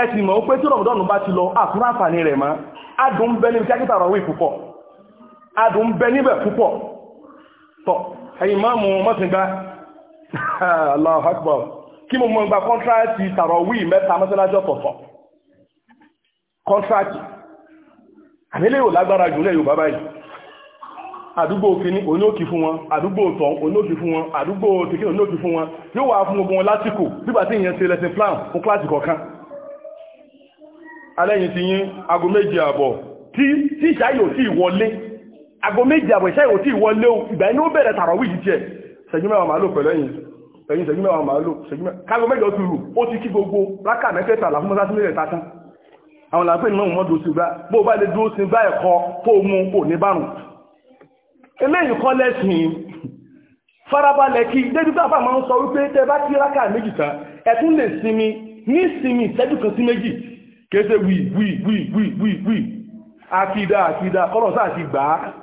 ẹ sì mọ̀ pé tí rọ̀mùdọ́nù bá ti lọ àtúráǹfààní adùn bẹ́ni kí á kí tààrọ̀ wí púpọ̀ adùn bẹ níbẹ̀ púpọ̀ tọ̀ ẹ̀yìn máa mú mọ́sìnká Allahu Akbar kí mo mọ̀ gba kọ́ntrátì tàràwí mẹ́ta mọ́sálásí ọ̀tọ̀ọ̀tọ̀ kọ́ntrátì àmìlẹ̀ yóò lágbára jùlẹ̀ yóò bàbá yìí àdúgbò kìíní onóòkì fún wọn àdúgbò tọ̀ onóòkì fún wọn àdúgbò tìkí onóòkì fún wọn yóò wà fún ogun lásìkò nígbà tí ìyẹn ṣe lesson plan fún kíláàsì kọ̀ọ̀kan alẹ́yìn ti yín aago méje àbọ̀ tí ìṣáyò tí ìwọlé ago méjì àbọ̀ ìṣẹ́ ìwò tí ìwọlé o ìgbà inú bẹ̀rẹ̀ tààrọ̀ wíjì jẹ́ ṣẹ́jú mẹ́wàá màálù pẹ̀lú ẹ̀yìn ẹ̀yìn ṣẹ́jú mẹ́wàá màálù ṣẹ́jú mẹ́wàá kágo méjì ọtún rù ó ti kí gbogbo rákà mẹ́tẹ̀ẹ̀ta làfún mọ́sá sí mẹ́rẹ̀ẹ́ta tán àwọn làpẹ́ ìnáwó mọ́ dùn sí gbá bó bá lè dúró sí bá ẹ̀kọ́ kó mú kò ní bárùn eléyìí kọ́ lẹ́sìn farabalẹ̀ kí débi tó àbá máa ń sọ wípé tẹ bá kí rákà méjì tán ẹ̀tún lè sinmi ní sinmi ìṣẹ́jú kan sí méjì kéde wì wì wì wì wì wì àkìdá àkìdá kọ́lọ̀ sáà ti gbà á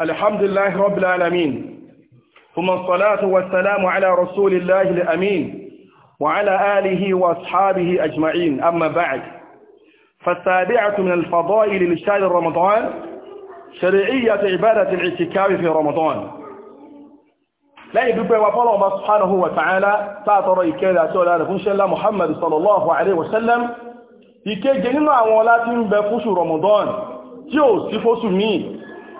الحمد لله رب العالمين ثم الصلاة والسلام على رسول الله الأمين وعلى آله وأصحابه أجمعين أما بعد فالسابعة من الفضائل لشهر رمضان شرعية عبادة الاعتكاب في رمضان لا يبقى وفعل الله سبحانه وتعالى تعطر إكادة سؤال هذا إن الله محمد صلى الله عليه وسلم إكادة جنينة أولاد بفوش رمضان جوز بفوش مين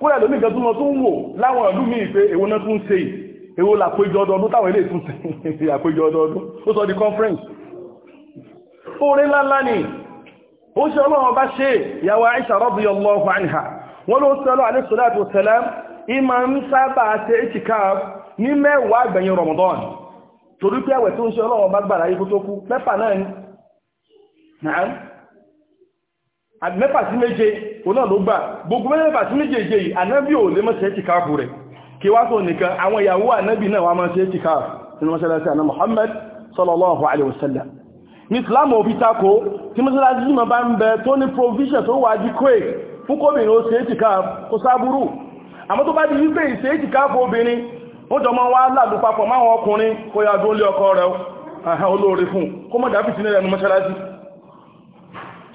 fúnra lómi ìgbẹ́ tún lọ tún wò láwọn ìlú míì pé èwo náà tún ṣe èwo làpéjọ ọdọọdún táwọn ilé ìtún ṣe àpéjọ ọdọọdún ó sọ di conference oore ńláńlá ni ó ṣe ọlọ́run bá ṣe ìyàwó Aisha radiyallahu anha wọ́n ló sọ́lọ́ alayhi salam ìmọ̀ ń sábà ṣe ìtìkáf ní mẹ́wàá àgbẹ̀yìn Ramadan torí pé àwẹ̀ tó ń ṣe ọlọ́run àbí mẹ́fà sí méje òun náà ló gbà gbogbo mẹ́fà sí méjèèje yìí ànábì ò lè mọ́ sí ẹ̀tìkáàfù rẹ̀ kí wá tó nìkan àwọn ìyàwó ànábì náà wá mọ́ sí ẹ̀tìkáàfù nínú àná Muhammad sallallahu alaihi wasallam ní islamu òbí tako tí mọ́sálásí jíma bá ń bẹ tó ní provision tó wà jí kwe fún kóbìnrin ó sí ẹ̀tìkáàfù kó sábúrú àmọ́ tó bá di wípé ìsẹ́ ẹ̀tìkáàfù obìnrin ó jọmọ wá láàdù papọ̀ máwọn ọkùnrin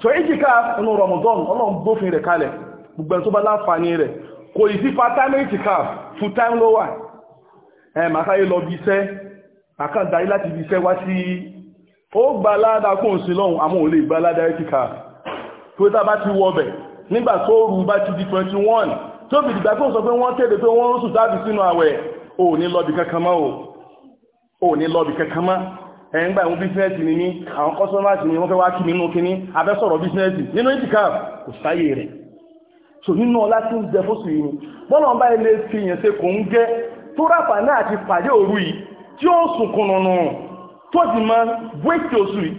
so ìtìkáf inú Ramadan ọlọ́run gbófin rẹ̀ gbogbo ẹni tó bá kò sí fatámì ìtìkáf full time ló wà ẹ lọ bí iṣẹ́ àkàndáyé láti bí wá sí ó gba aládàá kó ń sin lọ́hùn gba aládàá tó bá ti nígbà tó rú bá ti di tó fi dìgbà tó sọ pé wọ́n pé wọ́n sùn sínú àwẹ̀ ẹ̀ngbà ìwọ̀n bísínẹ́sì ni mí àwọn kọ́sọ́mọ́sì ni wọ́n fẹ́ wá kí nínú kíní abẹ́sọ̀rọ̀ bísínẹ́sì nínú ìtìká kò sáyé rẹ̀ so nínú ọlá tí ń jẹ fóṣù yìí bọ́nà ọba ilé fi yẹn ṣe kò ń gẹ́ tó ráfà náà ti pàdé òru yìí tí ó sunkún nùnù tó ti máa wéèkì oṣù yìí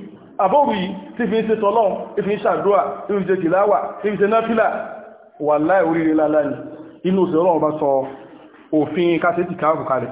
àbóru yìí tí fi ń ṣe tọ́lọ́ ìfi ń ṣàdúrà ìfi ń ṣe kìláwà ìfi ń ṣe náfìlà wà láì oríire lálá ni inú òṣèlú ọlọ́run bá sọ òfin kásẹ̀tì káàkù kalẹ̀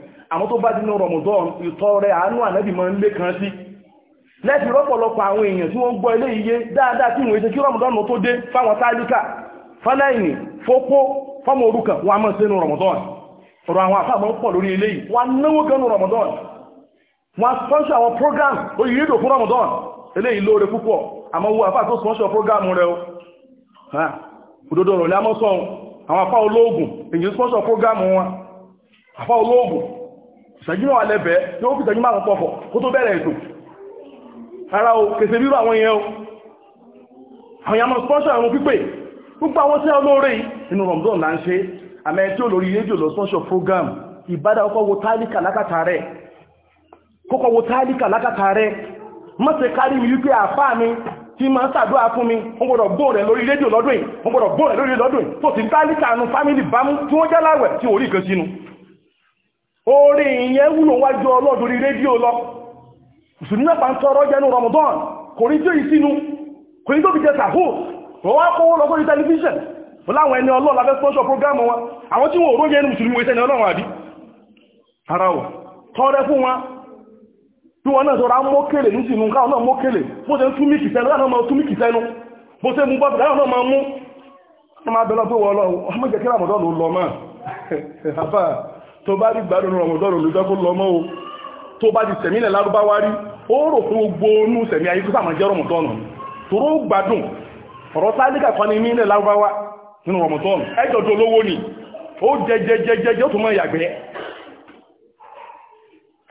àwọn tó bá dínú rọmọdán ìtọrẹ àánú ànábì máa ń lé kan sí lẹ́sì rọ́pọ̀lọpọ̀ àwọn èèyàn tí wọ́n gbọ́ ilé iye dáadáa tí wọ́n ṣe kí rọmọdán tó dé fáwọn tálíkà fáláìní fópó fọ́mọ orúkà wọn a máa ṣe nínú rọmọdán ọ̀rọ̀ àwọn àfáàmọ́ pọ̀ lórí ilé yìí wọ́n náwó gan nínú rọmọdán wọ́n sponsor àwọn program tó yìí rédò fún rọmọdán eléyìí lóore púpọ̀ àmọ́ wo àfáà tó sponsor program rẹ o òdodo ọ̀rọ̀ ni a mọ́ sọ àwọn àfáà olóògùn èyí sponsor program wọn àfáà olóògùn ìṣẹ́jú náà lẹ́bẹ̀ẹ́ tí ó fi ìṣẹ́jú márùn pọ̀pọ̀ kó tó bẹ̀rẹ̀ ètò ara o kèsè bírò àwọn èèyàn o àwọn yàmọ̀ sponsor àwọn pípé púpọ̀ àwọn tí a olóore inú Ramadan là ń ṣe àmẹ́ tí olórí rédíò lọ sponsor program ìbádá kọ́kọ́ wo tálíkà lákàtà rẹ̀ kọ́kọ́ wo tálíkà lákàtà rẹ̀ mọ́sẹ̀ kárí mi wípé àfá mi tí ma ń sàdúrà fún mi wọ́n gbọ́dọ̀ gbóò rẹ̀ lórí rédíò lọ́dún yìí wọ́n gbọ́dọ̀ gbóò rẹ̀ lórí lọ́dún yìí tó ti tálíkà nu fámílì bámú tí wọ́n jẹ́ láwẹ̀ tí orí kan sínú orí ìyẹn wúlò wájú ọlọ́dúnrí rédíò lọ ìṣùnú náà ń sọ́rọ̀ jẹ́nu Ramadan kò rí tí ó ìsinú kò rí tó fi jẹ sàhó wọ́n wá kó lọ sórí tẹlifíṣàn láwọn ẹni ọlọ́lá sponsor program wọn àwọn tí wọ́n róye ẹnu ìṣùnú ìṣẹ́ni ọlọ́run àbí ara wọ̀ tọ́rẹ fún wọn bí tó bá rí gbádùn rọmọdọ́rùn olùjọ́ lọ mọ́ o tó bá di sẹ̀mílẹ̀ lárúbáwá rí ó rò fún gbogbo onú sẹ̀mí ayé tó sàmà jẹ́ rọmọdọ́rùn tóró gbádùn ọ̀rọ̀ sáàdíkà kan ní mílẹ̀ lárúbáwá nínú rọmọdọ́rùn ẹjọ́ tó lówó ni ó jẹjẹjẹjẹ tó mọ́ ìyàgbẹ́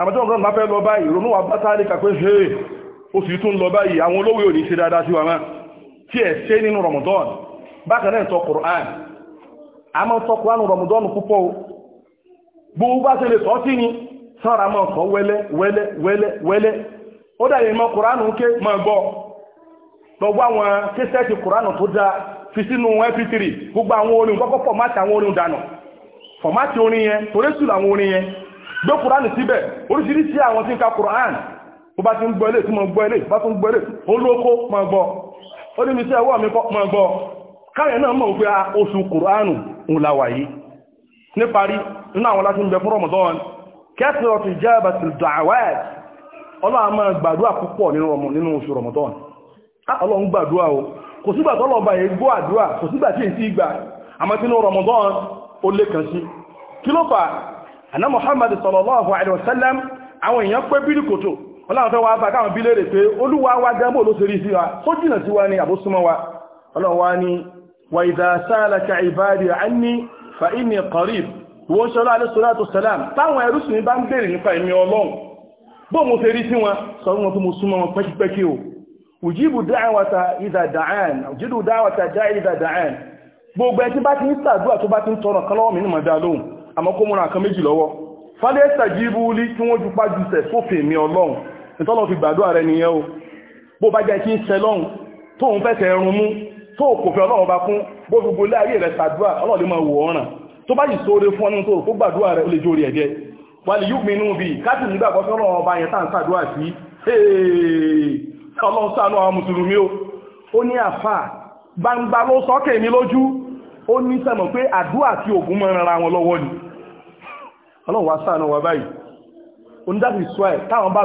àmọ́tọ́ ọ̀rọ̀ máa fẹ́ lọ báyìí ronú wa bá sáàdíkà pé ṣe ó sì tún lọ báyìí àwọn olówó ò ní ṣe dáadáa sí wa máa tí ẹ̀ ṣe nínú rọmọdọ́rùn bákan náà sọ a máa sọ kùrán rọmọdọ́rùn púpọ̀ bó bá ṣe lè sọ sí ni sára máa kọ wẹ́lẹ́ wẹ́lẹ́ wẹ́lẹ́ wẹ́lẹ́ ó dà lè kùránù ké máa gbọ́ lọ́gbọ́ àwọn kùránù tó dáa fi sínú mp gbogbo àwọn orin kọ́kọ́ fọ̀mátì àwọn orin dànù fọ̀mátì orin yẹn torésù làwọn orin yẹn gbé kùránù síbẹ̀ oríṣiríṣi àwọn tí ń ka kùránù bó bá ti ń gbọ́ ilé tí gbọ́ ilé bá gbọ́ ilé gbọ́ ó ní mi sí ẹwọ́ mi kọ́ gbọ́ nínú àwọn láti ń bẹ fún Ramadan kẹsìlọ́tù ijabatu da'awat ọlọ́run máa gbàdúrà púpọ̀ nínú oṣù Ramadan ah, ọlọ́run gbàdúrà o kò sígbà tọ́lọ̀ọba yẹ gbọ́ àdúrà kò sígbà tí èsì ìgbà àmọ́ tí ní Ramadan ó lé kan sí kí ló fà àná Muhammad sallallahu alaihi wasallam àwọn èèyàn pé bírí kòtò ọlọ́run fẹ́ wá bá káwọn bí lérè pé olúwa wa gẹ́gbò ló serí wọ́n ṣọ́lá alẹ́sọ́látò sàlám táwọn ẹrúsùn ní bá ń bèèrè nípa ẹ̀mí ọlọ́run bó mo fẹ́ rí sí wọn sọ wọn tó mo súnmọ́ wọn pẹ́kipẹ́kí o òjìbù dáwàtà ìdà tó ń fẹ́ tẹ̀ ẹrun mú tó kò fẹ́ ọlọ́run bá fún gbogbo ilé ayé sàdúrà ọlọ́run máa tó bá yìí sóore fún ọ́nà tó rò kó gbàdúrà rẹ̀ ó lè jórí ẹ̀jẹ̀ wàlì yóò mi inú bí káàtì nígbàgbọ́ sọ́rọ̀ ọba yẹn tàn sàdúrà sí ọlọ́run ṣàánú àwọn mùsùlùmí o ó ní àfà gbangba ló sọ́kẹ̀ mi lójú ó ní sẹ́mọ̀ pé àdúrà tí ògùn mọ́ ara wọn lọ́wọ́ ni ọlọ́run wá ṣàánú wa báyìí onídàbí sọ ẹ̀ táwọn bá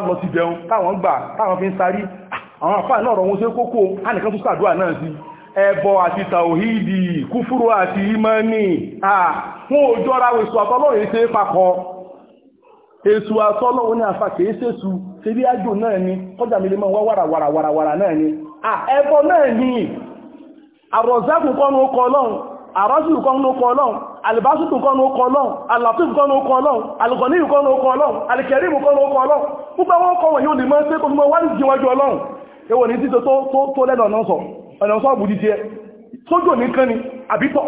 lọ ah! náà rọrùn sí kókó ánìkan tó sàdúrà náà sí ẹbọ àti tàòhídì kúfúrú àti ìmánì àà ah! wọn ò jọra èso àtọ́lọ́run èsè papọ̀ èso àtọ́lọ́run ní àfà kìí sèṣù ṣebí àjò náà ni kọjá mi lè mọ́ wàrà wàrà wàrà wàrà náà ni ẹbọ náà ni àrọ̀zákùn kọ́nu ó kọ ọlọ́run àrọ́sùn kọ́nu ó kọ ọlọ́run alìbásùtù kọ́nu ó kọ ọlọ́run alàtífù kọ́nu ó kọ ọlọ́run alìkọ̀níyù kọ́nu ó kọ ọlọ́run alìkẹ̀rímù kọ́nu ó kọ ọlọ́run púpẹ́ wọ́n kọ́ wọ̀nyí ò lè mọ́ sí kò mọ́ wá ní jíwájú ọlọ́run ewò ní títò tó lẹ́nà ọ̀nà sọ ọ̀nà sọ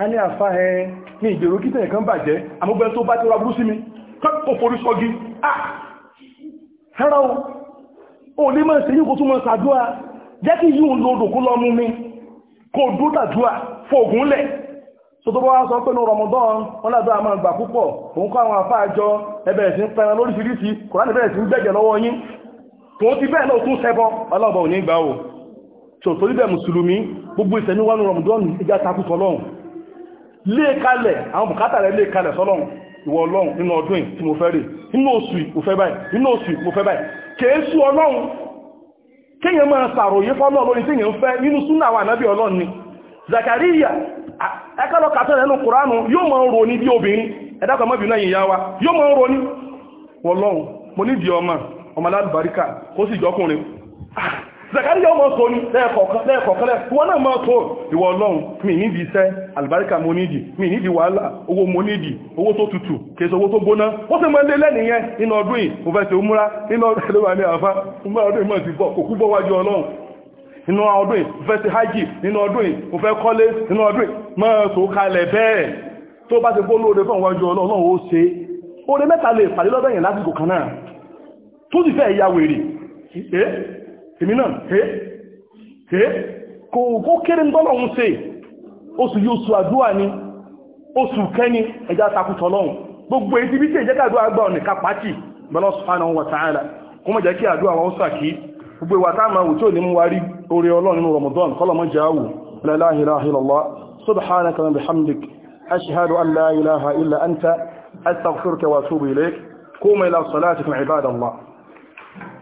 a ní àfá ẹ ní ìgbèrò kíta ẹ̀kan bàjẹ́ àmúgbẹ́ tó bá ti wá burú sí mi kọ́pọ̀ forí sọ́gi ah ẹ̀rọ o lè máa ṣe yíkò tó máa ṣàdúrà jẹ́ kí yíò lòdò kó lọ mú mi kò dúdàdúrà fògùn lẹ̀ wá sọ pé ní Ramadan wọn ládọ́ àmà ìgbà púpọ̀ òun kọ́ àwọn àfá àjọ ẹbẹ̀rẹ̀ sí ń pẹran lóríṣiríṣi Kùránì bẹ̀rẹ̀ sí ń gbẹ̀jẹ̀ lọ́wọ́ yín tó ti bẹ́ẹ̀ náà tún ṣẹbọ ọlọ́ọ̀bọ̀ Ramadan ìjà takùtọ̀ lọ́hùn lé kalẹ̀ àwọn bùkátà rẹ̀ lé kalẹ̀ sọ́lọ́run ìwọ ọlọ́run nínú ọdún yìí tí mo fẹ́ rè nínú oṣù mo báyìí nínú oṣù mo báyìí kèésù ọlọ́run kéèyàn máa sàròyé fọ́lọ́ tí ni wa ro ní wọ́lọ́run mo nídìí ọmọ zakari yóò mọ́ so ní lẹ́ẹ̀kọ̀ọ̀kọ́lẹ̀ wọ́n náà mọ́ so ìwọ̀ ọlọ́run mi nídi iṣẹ́ albarika mo nídi mi nídi wàhálà owó mo nídi owó tó tutù kèsò owó tó gbóná ó sì mọ́ lélẹ́ nìyẹn nínú ọdún yìí mo fẹ́ ṣe múra nínú ọdún nínú ọdún yìí mo fẹ́ ṣe hajj nínú ọdún yìí mo fẹ́ kọ́lé nínú ọdún yìí mọ́ so kalẹ̀ bẹ́ẹ̀ tó bá ti gbóná sì fẹ́ ìyá wèrè èmi náà ṣe ṣe kò kó kéré tọ́lọ́run ṣe oṣù yóò sù àdúwà ni oṣù kẹ́ni ẹjá takùtọ̀ lọ́run gbogbo èdè bí tí ìjẹ́ká àdúwà gbà ọ̀nà kápátì bọ́lọ́ subhanahu wa ta'ala kó mọ̀ jẹ́ kí àdúwà wọn sàkí gbogbo ìwà tá máa wù tí ò ní mú wa rí orí ọlọ́run nínú Ramadan kọ́lọ̀mọ́